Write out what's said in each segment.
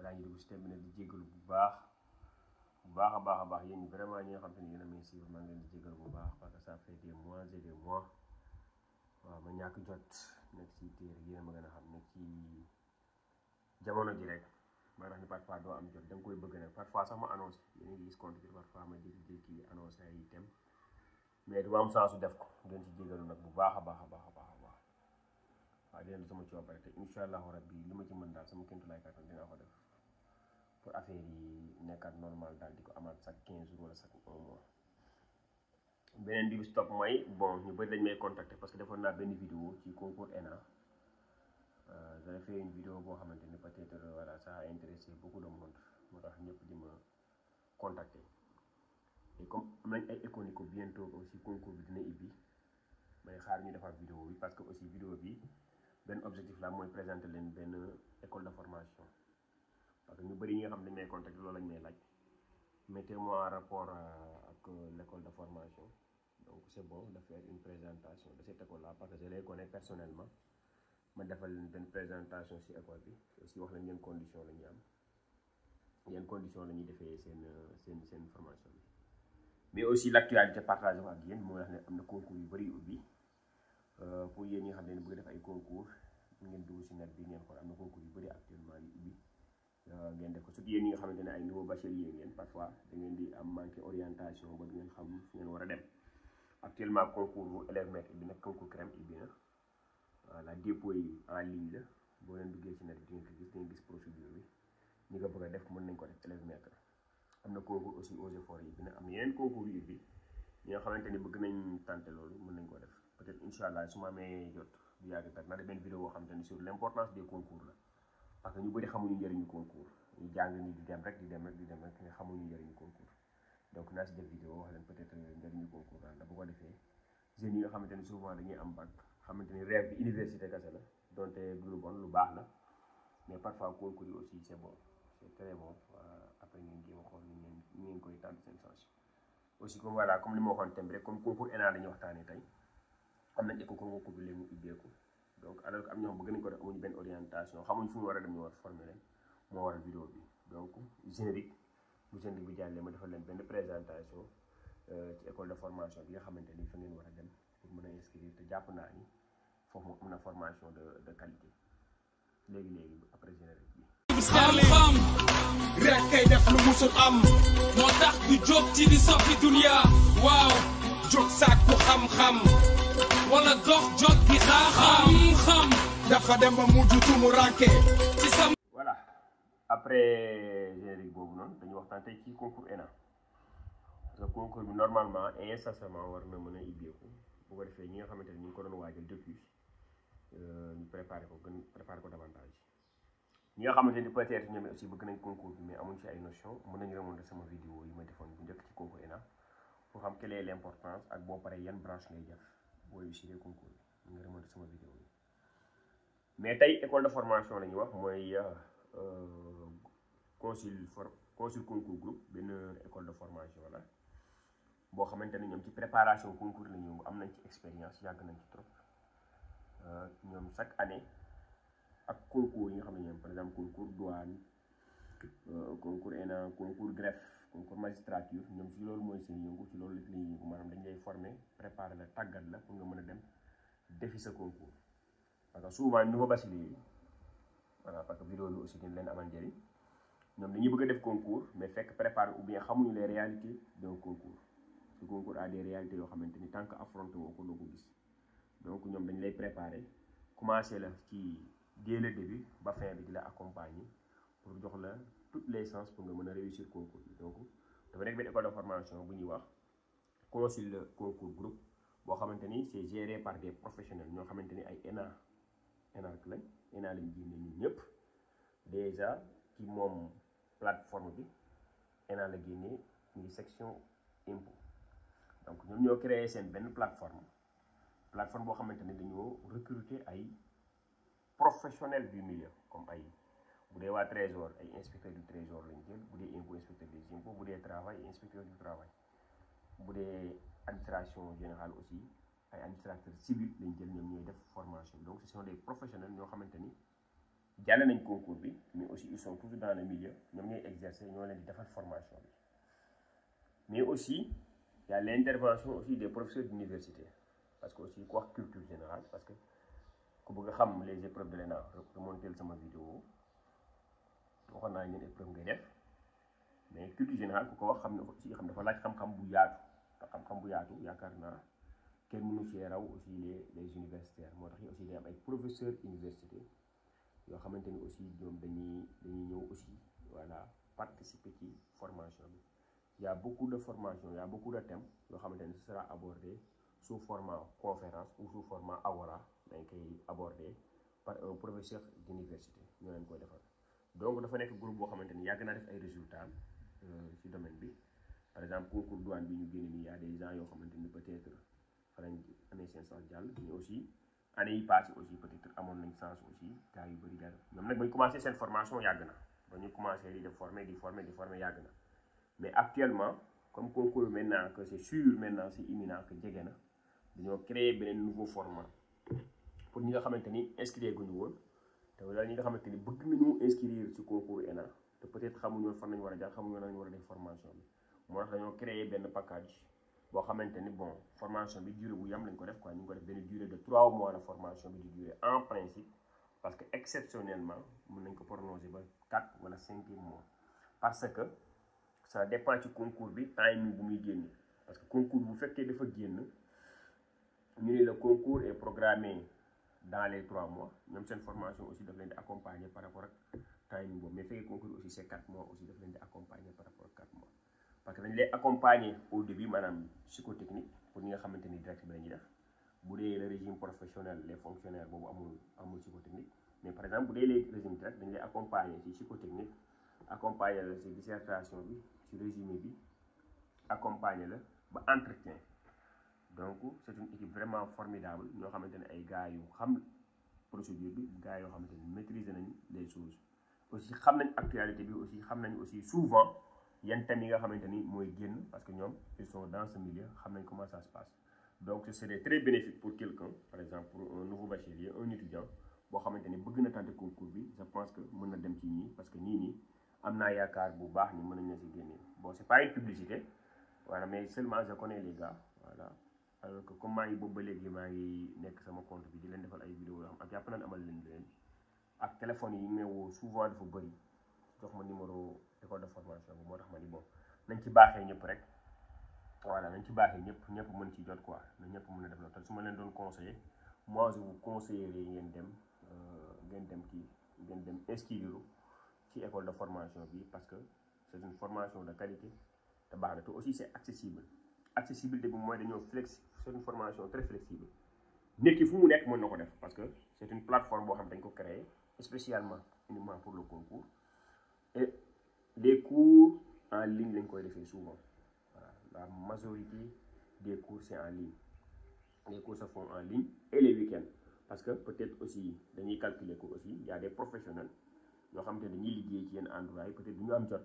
balaa ñu dugg si thème bi nag di jégalu bu baax bu baax a baax a baax yéen vraiment ñi nga xam te ne yéen a may suivre maa ngi leen di jégalu bu baax parce que ça fait des mois et des mois waaw ma ñàkk jot nekk ci téere yéen a ma gën a xam nekk ci jamono ji rek maanaam parfois doo am jot da nga koy bëgg nag parfois sax ma annoncé yéen a ngi gis compte bi parfois ma jékki-jékki annoncé ay thème mais du am sensu def ko doon ci jégalu nag bu baax a baax a baax a baax a baax waaw dina sama coobare te incha allahu rabbi li ma ci mën daal sama kéemtulaay kàttan dinaa ko def. pour affaire yi nekkaat normal daal di ko amaat chaque quinze jours wala chaque un mois beneen bi stop mooy bon ñu bëri dañ may contacter parce que defoon naa benn vidéo ci concours ENA euh, j'avais fait une vidéo boo xamante ni peut-être voilà ça a intéressé beaucoup de monde moo tax ñëpp di ma contacter et comme am nañ ay économique bientôt aussi concours bi dina ibbi may xaar ñu defaat vidéo bi parce que aussi vidéo bi benn objectif la mooy présenter leen benn école de formation parce que ñu bëri ñi nga xam dañ may contact loolu lañ may laaj mettez moi en rapport euh, ak euh, l'école de formation donc c' est bon de faire une présentation de cette école là parce que je les connais personnellement ma defal leen benn présentation si école bi aussi wax leen yan condition la ñuy am yan condition la ñuy defee seen euh, seen seen formation bi mais aussi l' actualité partagé ko ak yéen moo wax ne am na concours yu bëri ubbi pour yéen ñi nga xam ne bëgg def ay concours ngeen dugg si net bi ngeen xool am na concours yu bëri actuellement yu ubbi Euh, ngeen def ko surtout yéen ñi nga xamante ne ay nouveau bachelier ngeen parfois da ngeen di am manqué orientation ba du ngeen xam fu ngeen war a dem actuellement concours bu élève maître bi nag concours CREM bi na voilà dépôt yi en ligne la boo leen duggee ci net bi di nga gis di nga bi ñi ko def mën nañ ko def élève maître am na concours aussi eaux et forêts yi bi nag am na yeneen concours yu bi ñi nga xamante ne bëgg nañ tenter loolu mën nañ ko def peut-être incha allah su ma amee jot du yàgg tak naa def benn vidéo boo xamante sur l' importance concours la parce que ñu bëri xamuñu njëriñu concours ñu jàng ni di dem rek di dem rek dem rek nga xamuñu njëriñu concours donc naa si def vidéo wax leen peut-être concours daal la ko defee jeunes yi nga xamante ni souvent dañuy am bac xamante ni rêve bi université kese la donte du lu bon lu baax la mais parfois concours yi aussi c'est bon c'est très bon euh, après ngeen jéem a xool ni ngeen koy tànn seen sens aussi comme voilà comme li ma waxoon thème rek comme concours ENA la ñuy waxtaanee tey am nañ éco concours bi léegi mu donc alors que am ñoo xam bëgg ko def amuñu benn orientation xamuñ fu ñu war a dem ñu war former leen moo waral vidéo bi donc générique bu générique bi jàllee ma defal leen benn présentation euh, école de formation bi nga xamante ni fa ngeen war a dem pour mën a inscrire te jàpp naa ni foofu moom am formation de de qualité léegi léegi après générique bi. xam-xam rek kay def lu musul am moo tax du jóg ci di soppi dunia waaw jóg saak bu xam-xam. wala dox jot gi xam dafa dem ba mujj tuumu rànkee ci sam voilà après générique boobu noonu dañu waxtaan tey ci concours ENA parce que concours bi normalement incessamment war na mën a ubbeeku bu ko defee ñi nga xamante ne ñu ko doon waajal depuis euh, ñu ko gën préparé ñi nga xamante ni peut-être ñoom bëgg nañ concours bi mais amuñ ci ay notion mën nañu remonter sama vidéo yi ma defoon bu njëkk ci concours ENA pour xam quelle est l'importance ak boo paree yan branche ngay def boo réussir concours bi nga bi mais tey école de formation la ñuy wax mooy euh, consul for consul concours groupe benn école de formation la boo xamante ne ñoom ci préparation concours la ñu am nañ ci expérience yàgg nañ ci trop euh, ñoom chaque année ak concours yi xam ne ñoom par exemple concours douane euh, concours ENA concours greffe concours magistrature ñoom si loolu mooy seen yëngu ci loolu la ñuy yëngu maanaam dañ lay former préparer la tàggat la pour nga mën a dem defi sa concours parce que souvent ni ko bachelier yi voilà parce que vidéo bi aussi dañ leen amal njëriñ ñoom dañuy bëgg a def concours mais fekk préparer ou bien xamuñu les réalités d'un concours ce concours a des yoo xamante ni tant que affronté woo ko doo ko gis donc ñoom dañu lay préparer commencer la ci dès le début ba fin bi di la accompagner pour jox la. toutes les chances pour nga mën a réussir concours bi donc dafa nekk benn école de formation bu ñuy wax consul concours groupe boo xamante ni c' est géré par des professionnels ñoo xamante ay ENA ENAC lañ ENA lañ génne ñun ñëpp déjà ci moom plateforme bi ENA la génne ñu section impôt donc ñoom ñoo créer seen benn plateforme plateforme boo xamante ni dañoo recruter ay professionnels du milieu comme ay. bu dee waa trésor ay inspecteur du trésor lañ jël bu dee impôt inspecteur des impôts bu dee travail inspecteur du travail bu dee administration générale aussi ay administrateur civil lañ jël ñoom ñooy def formation donc ce sont des professionnels ñoo xamante ni jàll nañ concours bi mais aussi ils sont toujours dans le milieu ñoom ñooy exercer ñoo leen defar formation bi mais aussi y a l'intervention aussi des professeurs d'université parce que aussi ku wax culture générale parce que ku bëgg xam les épreuves de l'ENA remontel sama vidéo o naa ñun épreuve ngay def mais culture générale xam ne aussi xam dafa laaj xam bu yaatu te bu yaatu yaakaar naa kenn mënu cee raw aussi les les universitaires moo tax aussi day am ay professeurs université yoo xamante ni aussi ñoom dañuy dañuy ñëw aussi voilà participer ci formation bi y a beaucoup de formation y a beaucoup de thèmes yoo xamante ni ce sera abordé sous format conférence ou sous format awara dañ koy abordé par un professeur d'université ñoo leen koy defal. donc dafa nekk groupe boo xamante ni yàgg naa def ay résultats euh, ci domaine bi par exemple concours douane bi ñu génne nii y a des gens yoo xamante ni peut-être fa lañ amee seen sens jàll mais aussi année yi passé aussi peut amoon nañ sens aussi gars yu bëri dara ñoom nag ba ñu commencé seen formation yàgg na ba ñu commencé di def former di former di former yàgg na mais actuellement comme concours maintenant que c'est sûr maintenant c'est imminent que jege na dañoo créer beneen nouveau format pour ñi nga xamante ni inscrire guñu woon. te daal nga xamante ni bëgg nañu inscrire ci concours ENA te peut-être xamuñu fan nañu war a jaar nañu war a def formation bi moo tax dañoo benn package boo xamante ni bon formation bi durée bu yam lañ ko def quoi ñu ngi ko def benn durée de trois mois la formation bi di durée en principe parce que exceptionnellement mën nañ ko prolonger ba quatre wala cinq mois parce que ça dépend ci concours bi timing bu muy génn parce que concours bu fekkee dafa génn ñu ne le concours est programmé dans les trois mois ñoom seen formation aussi daf leen di accompagner par rapport ak timing boobu mais fekkee concours aussi c'est quatre mois aussi daf leen di accompagner par rapport ak quatre mois parce que dañ lay accompagner au début maanaam psychotechnique pour ñi nga xamante direct bi la def bu dee le régime professionnel les fonctionnaires boobu amul amul psychotechnique mais par exemple bu dee les régime direct dañ lay accompagner ci psychotechnique accompagner ba entretien donc c'est une équipe vraiment formidable ñoo xamante ne ay gars yu xam procédure bi gars yoo xamante ne maîtriser nañ les choses aussi xam nañ actualité bi aussi xam nañ aussi souvent yan thèmes yi nga xamante ni mooy génn parce que ñoom ils sont dans ce xam nañ comment ça se donc ce serait très bénéfique pour quelqu'un par exemple pour un nouveau bachelier un étudiant boo xamante bëgg na tenter concours bi je pense que mën na dem ci ñii parce que ñii am naa yaakaar bu baax ni mën nañ la si génne bon c'est pas une publicité voilà mais seulement alors que comme maa ngi boobu ba léegi maa ngi nekk sama compte bi di leen defal ay vidéo yoo xam ak yàpp naan amal leen leen ak téléphone yi may woo souvent dafa bëri jox ma numéro école de formation bi moo tax ma ni bon nañ ci baaxee ñëpp rek la nañ ci baaxee ñëpp ñëpp mën ci jot quoi na ñëpp mën a def loolu te su ma leen doon conseiller mois je vous ngeen dem euh, ngeen dem kii ngeen dem inscrire ci école de formation bi parce que c'est une formation de qualité te baax na te aussi c'est accessible accessibilité bi mooy dañoo flexible c'est formation très flexible nit ki fu mu nekk mën na ko def parce que c'est une plateforme boo xam dañ ko créer spécialement uniquement pour le concours et les cours en ligne koy defee souvent voilà la majorité des cours c'est en ligne les cours se font en ligne et les week parce que peut-être aussi dañuy calculer ko aussi il y a des professionnels ñoo xam te dañuy liggéey ci yenn endroit yi peut-être du ñu am jot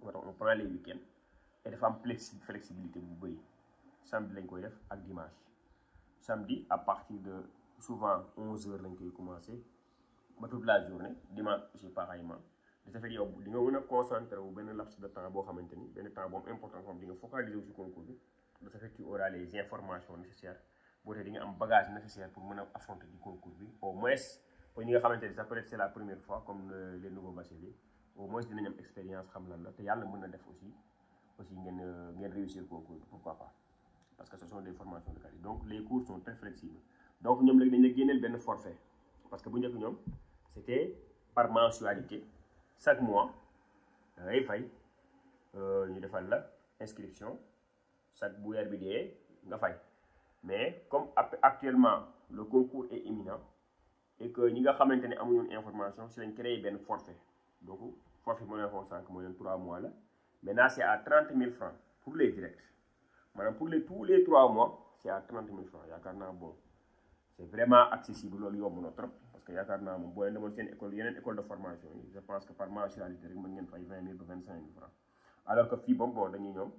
moo tax on prend les week-ends et dafa am flexibilité bu bëri. samedi lañ koy def ak dimanche samedi à partir de souvent 11h lañ koy commencé ba toute la journée dimanche aussi pareillement de ce fait yow di nga mën a concentré wu benn laps de temps boo xamante ni benn temps boo am importance moom di nga focaliser wu si concours bi de ce fait tu auras les informations nécessaires boo tee di nga am bagage nécessaire pour mën a affronter di concours bi au moins pour ñi nga xamante ni ça peut c'est la première fois comme les nouveaux bacheliers au moins dinañ am expérience xam lan la te yàlla mën na def aussi aussi ngeen euh, ngeen réussir concours bi parce que ce sont des formations de qualité donc les cours sont très flexibles donc ñoom léegi dañu la génneel benn forfait parce que bu njëkk ñoom c'était par mensualité chaque mois da ngay fay euh, ñu defal la inscription chaque bu weer bi dee nga fay mais comme actuellement le concours est imminent et que ñi nga xamante ni amuñu information si lañ créé benn forfait donc forfait moo leen xool sànq moo leen 3 mois la maintenant c'est à 30 000 francs pour les directs maanaam pour les tous les trois mois c'est à trente mille francs yaakaar naa bon c'est vraiment accessible loolu yomb na trop parce que yaakaar naa moom boo leen demoon seen école yeneen école de formation yi je pense que par mensualité rek mën ngeen fay vingt mille ba mille francs alors que fii boobu bon dañuy ñoom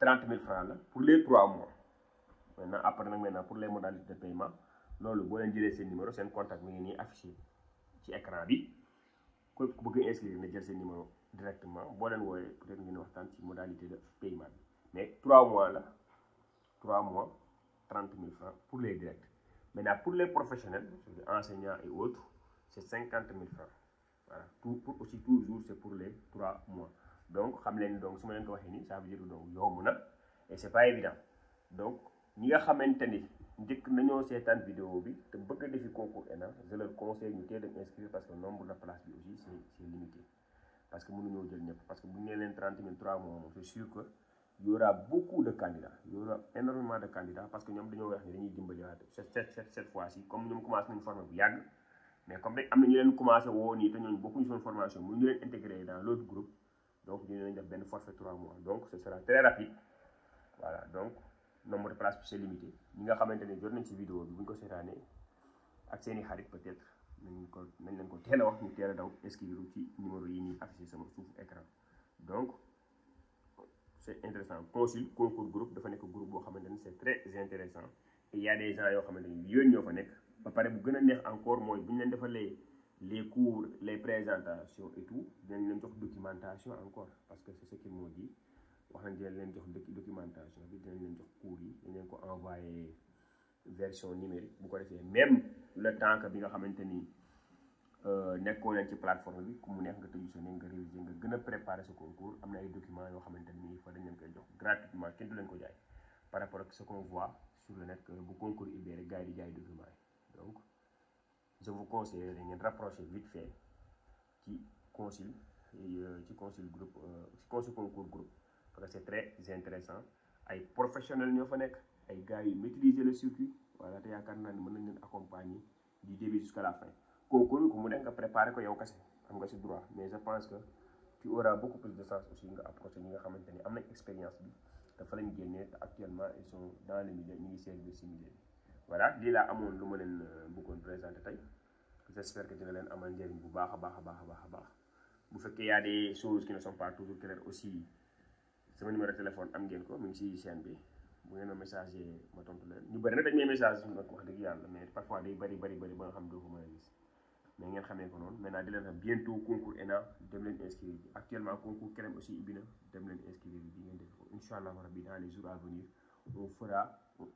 trente mille francs la pour les trois mois maintenant après nag maintenant pour les modalités de paiement loolu boo leen jëlee seen numéro seen contact mi ngi nii affiché ci ku bëgg a inscrire na jël seen directement boo leen wooyee peut-être ngeen waxtaan ci modalité de paiement bi. mais trois mois la 3 mois 30 000 francs pour les directs maintenant pour les professionnels enseignants et autres c'est 50 000 francs voilà tout pour aussi toujours c'est pour les 3 mois donc xam leen donc su ma leen ko waxee nii ça veut dire donc yomb na et c'est pas évident donc ñi nga xamante ni njëkk nañoo seetaan vidéo bi te bëgg a defi concours ENA je leur conseille ñu teel a parce que nombre de places y aura beaucoup de candidats y aura énormément de candidats parce que ñoom dañoo wax ne dañuy dimbali waat cette cette cette fois ci comme ñoom commencé nañu formé bu yàgg mais comme am na ñu leen commencé woo nii te ñooñu bokkuñu seen formation mënuñu leen intégré dans l' autre groupe donc ñu leen def benn forfait 3 mois donc ce sera très rapide voilà donc nombre de places bi c'est limité ñi nga xamante ne jot nañ ci vidéo bi bu ñu ko seetaanee ak seen i xarit peut-être nañ ko nañ leen ko teel a wax ñu teel a daw inscrire ci numéro yi ñuy affiché sama suuf écran donc. c'est intéressant consul concours groupe dafa nekk groupe boo xamante ni c'est très intéressant et y des gens yoo ñoo fa nekk ba pare bu gën a neex encore mooy bu ñu leen defalee les cours les présentations et tout dinañ leen jox documentation encore parce que c'est ce qu'ils m'ont wax nañ dinañ leen jox documentation bi dinañ leen jox cours yi dinañ leen ko envoyé version numérique bu ko defee même le temps bi nga xamante ni Euh, nekkoo leen ci plateforme bi ku mu neex nga tëju sa néeg nga réviser nga gën a préparer sa concours am na ay documents yoo xamante ni fa dañ leen koy jox gratuitement kenn du leen ko jaay par rapport ak ce qu'on voit sur le net euh, bu concours ubbee rek gars jaay documents yi donc je vous conseille da ngeen rapprocher vite fait ci consul euh, ci consul groupe ci consul concours groupe parce que c'est très intéressant ay professionnels ñoo fa nekk ay gars yu maîtriser le circuit voilà te yaakaar naa ne mën nañ leen accompagner du début jusqu'à la fin kooku ku mu nekk nga préparé ko yow kese am nga si droit mais je pense que tu auras beaucoup plus de sens aussi nga approché ñi nga xamante ni am nañ expérience bi te fa génne génnee te actuellement ils sont dans le milieu ngi servir si milieu bi voilà lii laa amoon lu ma leen euh, bëggoon présenté tey j'espère que dina leen amal njëriñ bu baax a baax a baax a baax a baax bu fekkee y a des choses qui ne sont pas toujours claires aussi sama numéro téléphone am ngeen ko mu ngi si chaîne bi bu ngeen ma messager ma tontu leen ñu mais ngeen xamee ko noonu maintenant di leen xam bientôt concours ENA dem leen inscrire ji actuellement concours CREM aussi ubbi na dem leen inscrire ji ngeen def ko incha allah rabbi dans les jours à venir on fera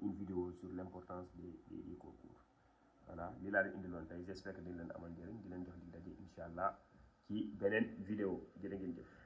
une vidéo sur l' importance des des des concours voilà li laa leen indiloon tey j' espère que dañ leen amal njëriñ di leen jox di daje incha allah ci beneen vidéo jërë ngeen jëf.